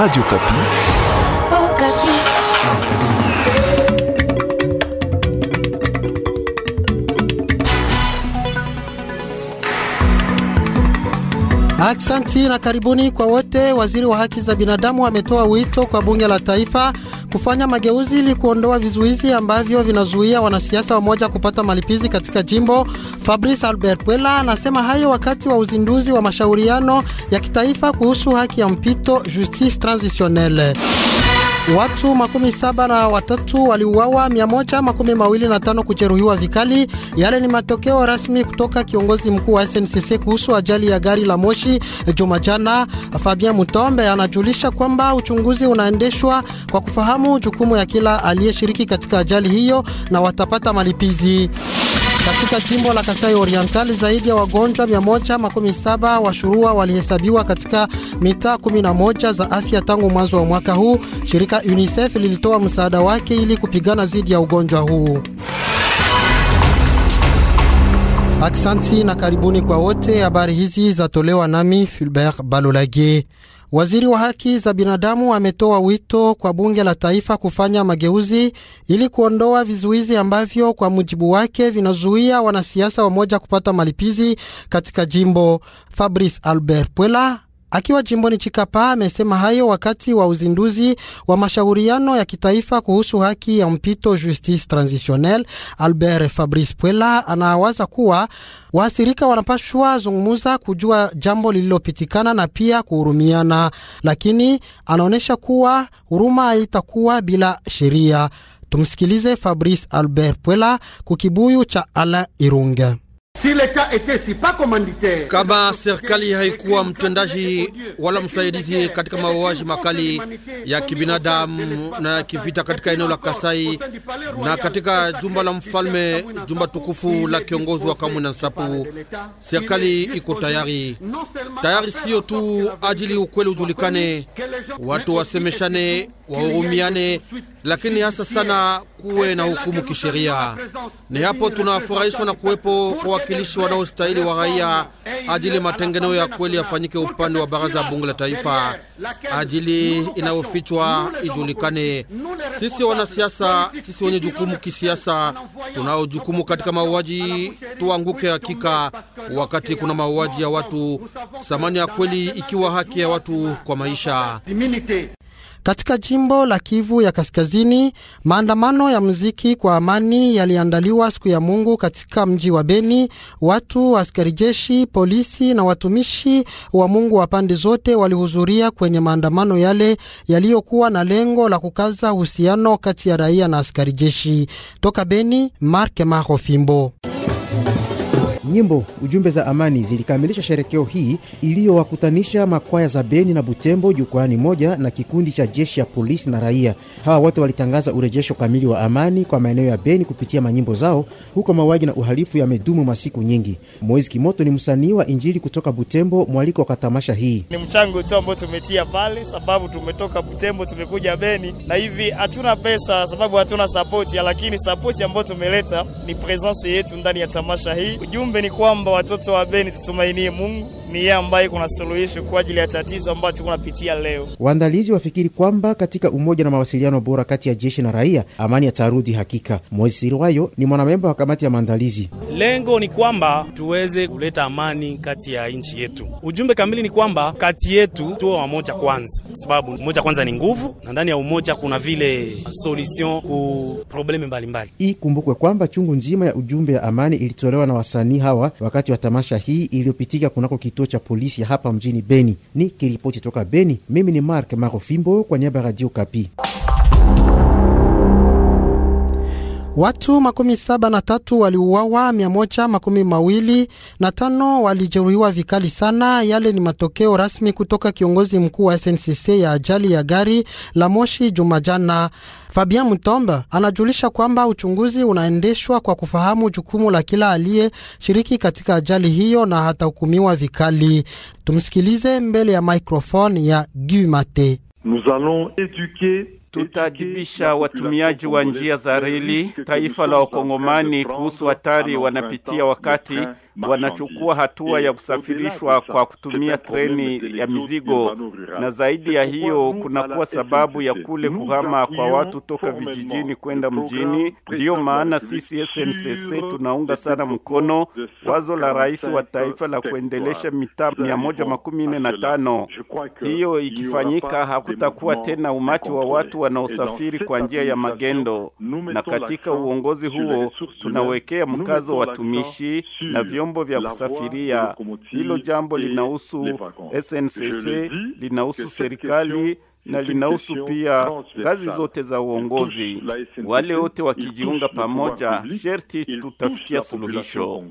Radio Kapi. Oh, Kapi. Aksanti na karibuni kwa wote. Waziri wa haki za binadamu ametoa wito kwa bunge la taifa kufanya mageuzi ili kuondoa vizuizi ambavyo vinazuia wanasiasa wamoja kupata malipizi katika jimbo. Fabrice Albert Pwela anasema hayo wakati wa uzinduzi wa mashauriano ya kitaifa kuhusu haki ya mpito, justice transitionnelle. Watu makumi saba na watatu waliuawa, mia moja makumi mawili na tano kujeruhiwa vikali. Yale ni matokeo rasmi kutoka kiongozi mkuu wa SNCC kuhusu ajali ya gari la moshi Jumajana. Fabien Mutombe anajulisha kwamba uchunguzi unaendeshwa kwa kufahamu jukumu ya kila aliyeshiriki katika ajali hiyo na watapata malipizi. Katika jimbo la Kasai Oriental zaidi ya wagonjwa 117 wa shurua walihesabiwa katika mitaa 11 za afya tangu mwanzo wa mwaka huu. Shirika UNICEF lilitoa msaada wake ili kupigana dhidi ya ugonjwa huu. Aksanti na karibuni kwa wote. Habari hizi zatolewa nami Fulbert Balolage. Waziri wa haki za binadamu ametoa wito kwa bunge la taifa kufanya mageuzi ili kuondoa vizuizi ambavyo kwa mujibu wake vinazuia wanasiasa wamoja kupata malipizi katika jimbo. Fabrice Albert Pwela Akiwa jimboni Chikapa amesema hayo wakati wa uzinduzi wa mashauriano ya kitaifa kuhusu haki ya mpito justice transitionnel. Albert Fabrice puela anawaza kuwa waathirika wanapashwa zungumuza kujua jambo lililopitikana na pia kuhurumiana, lakini anaonyesha kuwa huruma haitakuwa bila sheria. Tumsikilize Fabrice Albert Pwela kukibuyu cha Ala Irunge. Kama serikali haikuwa mtendaji wala msaidizi katika mauaji makali ya kibinadamu na ya kivita katika eneo la Kasai na katika jumba la mfalme, jumba tukufu la kiongozi wa na Nsapu, serikali iko tayari tayari, siyo tu ajili ukweli ujulikane, watu wasemeshane, wahurumiane, lakini hasa sana kuwe na hukumu kisheria. Ni hapo tunafurahishwa na kuwepo kwa wakilishi wanaostahili wa raia ajili matengeneo ya kweli yafanyike upande wa baraza ya bunge la taifa, ajili inayofichwa ijulikane. Sisi wanasiasa, sisi wenye jukumu kisiasa, tunao jukumu katika mauaji, tuanguke hakika wakati kuna mauaji ya watu, thamani ya kweli ikiwa haki ya watu kwa maisha. Katika jimbo la Kivu ya Kaskazini, maandamano ya muziki kwa amani yaliandaliwa siku ya Mungu katika mji wa Beni. Watu, askari jeshi, polisi na watumishi wa Mungu wa pande zote walihudhuria kwenye maandamano yale yaliyokuwa na lengo la kukaza uhusiano kati ya raia na askari jeshi. Toka Beni, Mark fimbo Nyimbo ujumbe za amani zilikamilisha sherekeo hii iliyowakutanisha makwaya za Beni na Butembo jukwani moja na kikundi cha jeshi ya polisi na raia. Hawa wote walitangaza urejesho kamili wa amani kwa maeneo ya Beni kupitia manyimbo zao, huko mauaji na uhalifu yamedumu masiku nyingi. Moiz Kimoto ni msanii wa injili kutoka Butembo, mwaliko kwa tamasha hii. Ni mchango tu ambao tumetia pale, sababu tumetoka Butembo tumekuja Beni na hivi hatuna pesa, sababu hatuna sapoti, lakini sapoti ambayo tumeleta ni presence yetu ndani ya tamasha hii ujumbe niombe ni kwamba watoto wa Beni tutumainie Mungu ni yeye ambaye kuna suluhisho kwa ajili ya tatizo ambayo tunapitia leo. Waandalizi wafikiri kwamba katika umoja na mawasiliano bora kati ya jeshi na raia, amani yatarudi hakika. Moses Sirwayo ni mwanamemba wa kamati ya maandalizi. Lengo ni kwamba tuweze kuleta amani kati ya nchi yetu. Ujumbe kamili ni kwamba kati yetu tuwe wamoja kwanza, sababu umoja kwanza ni nguvu, na ndani ya umoja kuna vile solution ku probleme mbalimbali. Ikumbukwe kwamba chungu nzima ya ujumbe ya amani ilitolewa na wasanii hawa wakati wa tamasha hii iliyopitika kunako kitu kituo cha polisi hapa mjini Beni. Ni kiripoti toka Beni, mimi ni Mark Marofimbo kwa niaba ya Radio Kapi. Watu makumi saba na tatu waliuawa, mia moja makumi mawili na tano walijeruhiwa vikali sana. Yale ni matokeo rasmi kutoka kiongozi mkuu wa SNCC ya ajali ya gari la moshi Jumajana. Fabien Mutomba anajulisha kwamba uchunguzi unaendeshwa kwa kufahamu jukumu la kila aliyeshiriki katika ajali hiyo na hatahukumiwa vikali. Tumsikilize mbele ya microphone ya Gumate. Nous allons tutaadibisha watumiaji wa njia za reli taifa la Wakongomani kuhusu hatari wanapitia wakati wanachukua hatua ya kusafirishwa kwa kutumia treni ya mizigo, na zaidi ya hiyo kunakuwa sababu ya kule kuhama kwa watu toka vijijini kwenda mjini. Ndiyo maana sisi SNCC tunaunga sana mkono wazo la rais wa taifa la kuendelesha mitaa mia moja makumi nne na tano. Hiyo ikifanyika hakutakuwa tena umati wa watu watu wanaosafiri kwa njia ya magendo, na katika uongozi huo tunawekea mkazo wa watumishi na vyombo vya kusafiria. Hilo jambo linahusu SNCC, linahusu serikali na linahusu pia ngazi zote za uongozi. Wale wote wakijiunga pamoja, sherti tutafikia suluhisho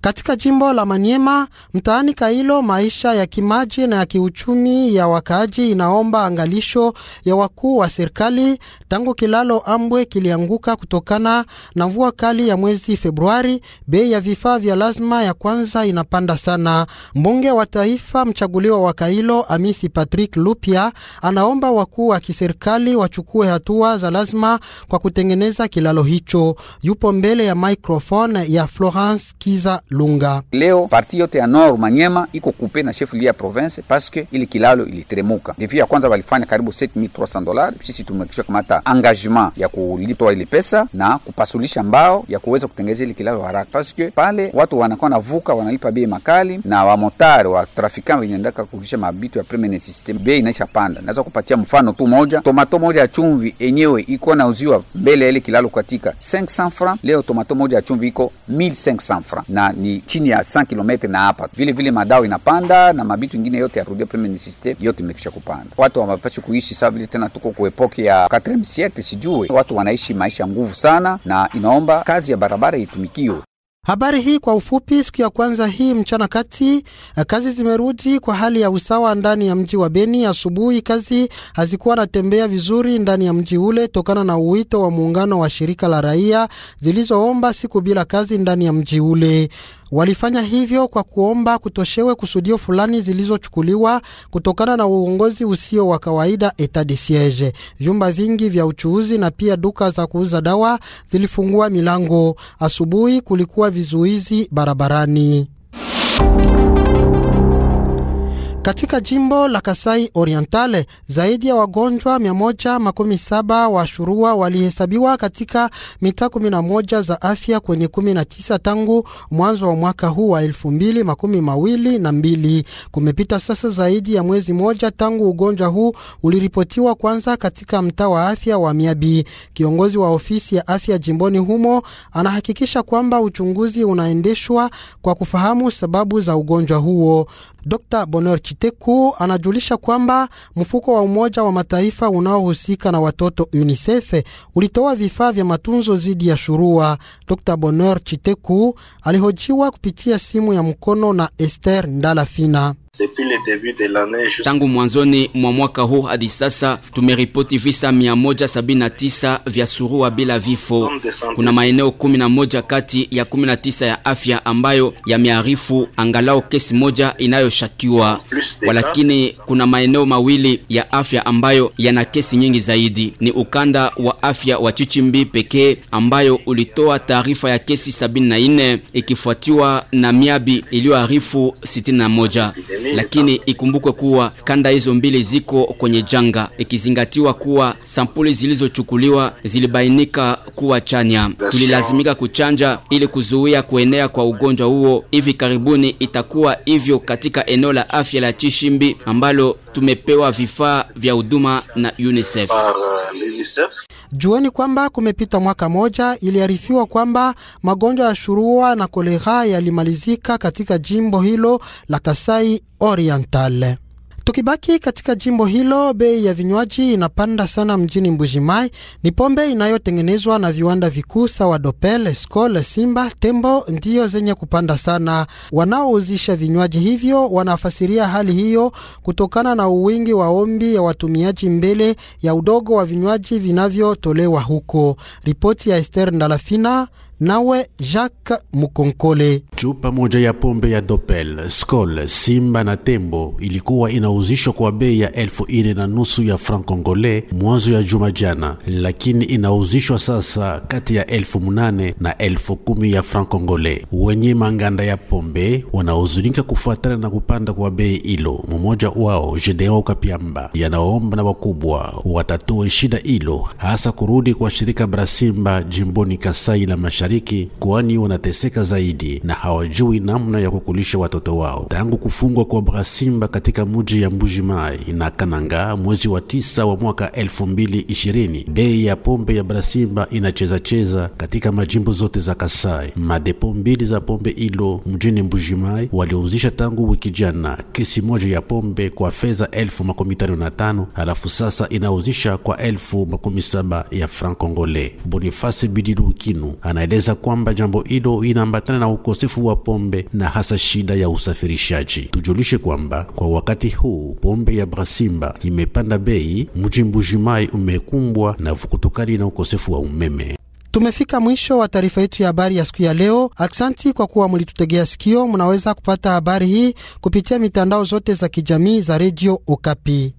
katika jimbo la Maniema. Mtaani Kailo, maisha ya kimaji na ya kiuchumi ya wakaaji inaomba angalisho ya wakuu wa serikali tangu kilalo Ambwe kilianguka kutokana na mvua kali ya mwezi Februari. Bei ya vifaa vya lazima ya kwanza inapanda sana. Mbunge wa taifa mchaguliwa wa Kailo Amisi Patrick Lupia anaomba wakuu wa kiserikali wachukue hatua za lazima kwa kutengeneza kilalo hicho. Yupo mbele ya microphone ya Florence Kiza Lunga. Leo parti yote ya Nord Manyema iko kupe na chef ya province paske ili kilalo iliteremuka. Defi ya kwanza walifanya karibu 7300 dollars. Sisi tumekisha kamata engagement ya kulitoa ile pesa na kupasulisha mbao ya kuweza kutengeneza ile kilalo haraka paske pale watu wanakuwa navuka wanalipa bei makali na wamotari wa trafikanti wenye ndaka kurudisha mabitu ya premium system, bei inaisha panda. Naweza kupatia mfano tu moja, tomato moja ya chumvi yenyewe iko nauziwa mbele ile kilalo katika 500 francs, leo tomato moja ya chumvi iko 1500 francs na ni chini ya 100 km na hapa vile vile madao inapanda na mabitu ingine yote ya rudia premium system yote imekisha kupanda. Watu hawapashi kuishi sawa vile tena, tuko ku epoke ya 4 siècle, sijue watu wanaishi maisha nguvu sana, na inaomba kazi ya barabara itumikiwe. Habari hii kwa ufupi. Siku ya kwanza hii mchana kati eh, kazi zimerudi kwa hali ya usawa ndani ya mji wa Beni. Asubuhi kazi hazikuwa natembea vizuri ndani ya mji ule tokana na uwito wa muungano wa shirika la raia zilizoomba siku bila kazi ndani ya mji ule. Walifanya hivyo kwa kuomba kutoshewe kusudio fulani zilizochukuliwa kutokana na uongozi usio wa kawaida etat de siege. Vyumba vingi vya uchuuzi na pia duka za kuuza dawa zilifungua milango. Asubuhi kulikuwa vizuizi barabarani. Katika jimbo la Kasai Orientale zaidi ya wagonjwa 117 wa shurua walihesabiwa katika mitaa 11 za afya kwenye 19 tangu mwanzo wa mwaka huu wa 2022. Kumepita sasa zaidi ya mwezi moja tangu ugonjwa huu uliripotiwa kwanza katika mtaa wa afya wa Miabi. Kiongozi wa ofisi ya afya jimboni humo anahakikisha kwamba uchunguzi unaendeshwa kwa kufahamu sababu za ugonjwa huo. Dr. Bonheur Chiteku anajulisha kwamba mfuko wa Umoja wa Mataifa unaohusika na watoto UNICEF ulitoa vifaa vya matunzo dhidi ya shurua. Dr. Bonheur Chiteku alihojiwa kupitia simu ya mkono na Esther Ndalafina. Tangu mwanzoni mwa mwaka huu hadi sasa tumeripoti visa 179 vya surua bila vifo. Kuna maeneo 11 kati ya 19 ya afya ambayo yamearifu angalau kesi moja inayoshakiwa, walakini kuna maeneo mawili ya afya ambayo yana kesi nyingi zaidi. Ni ukanda wa afya wa Chichimbi pekee ambayo ulitoa taarifa ya kesi 74 ikifuatiwa na Miabi iliyoarifu 61 lakini ikumbukwe kuwa kanda hizo mbili ziko kwenye janga, ikizingatiwa kuwa sampuli zilizochukuliwa zilibainika kuwa chanya. Tulilazimika kuchanja ili kuzuia kuenea kwa ugonjwa huo. Hivi karibuni itakuwa hivyo katika eneo la afya la Chishimbi ambalo tumepewa vifaa vya huduma na UNICEF. Euh, Jueni kwamba kumepita mwaka moja, iliarifiwa kwamba magonjwa ya shurua na kolera yalimalizika katika jimbo hilo la Kasai Oriental. Tukibaki katika jimbo hilo, bei ya vinywaji inapanda sana mjini Mbujimai. Ni pombe inayotengenezwa na viwanda vikuu sawa Dopel, Skol, Simba, Tembo ndiyo zenye kupanda sana. Wanaouzisha vinywaji hivyo wanafasiria hali hiyo kutokana na uwingi wa ombi ya watumiaji mbele ya udogo wa vinywaji vinavyotolewa huko. Ripoti ya Ester Ndalafina nawe Jacques Mukonkole. Chupa moja ya pombe ya Dopel, Skol, Simba na Tembo ilikuwa inauzishwa kwa bei ya elfu ine na nusu ya franc congolais mwanzo ya juma jana, lakini inauzishwa sasa kati ya elfu munane na elfu kumi ya franc congolais. Wenye manganda ya pombe wanahuzunika kufuatana na kupanda kwa bei ilo. Mmoja wao Gedeon Kapiamba yanaomba na wakubwa watatue shida ilo, hasa kurudi kwa shirika Brasimba jimboni Kasai la Mashariki mashariki, kwani wanateseka zaidi na hawajui namna ya kukulisha watoto wao. Tangu kufungwa kwa Brasimba katika muji ya Mbujimai na Kananga mwezi wa tisa wa mwaka elfu mbili ishirini, bei ya pombe ya Brasimba inachezacheza katika majimbo zote za Kasai. Madepo mbili za pombe ilo mjini Mbujimai waliuzisha tangu wiki jana kesi moja ya pombe kwa fedha elfu makumi tano na tano halafu sasa inauzisha kwa elfu makumi saba ya franc congolais. Boniface Bidilukinu anaeleza kueleza kwamba jambo hilo inaambatana na ukosefu wa pombe na hasa shida ya usafirishaji. Tujulishe kwamba kwa wakati huu pombe ya Brasimba imepanda bei, mji Mbujimai umekumbwa na kutokana na ukosefu wa umeme. Tumefika mwisho wa taarifa yetu ya habari ya siku ya leo. Aksanti kwa kuwa mulitutegea sikio. Munaweza kupata habari hii kupitia mitandao zote za kijamii za redio Okapi.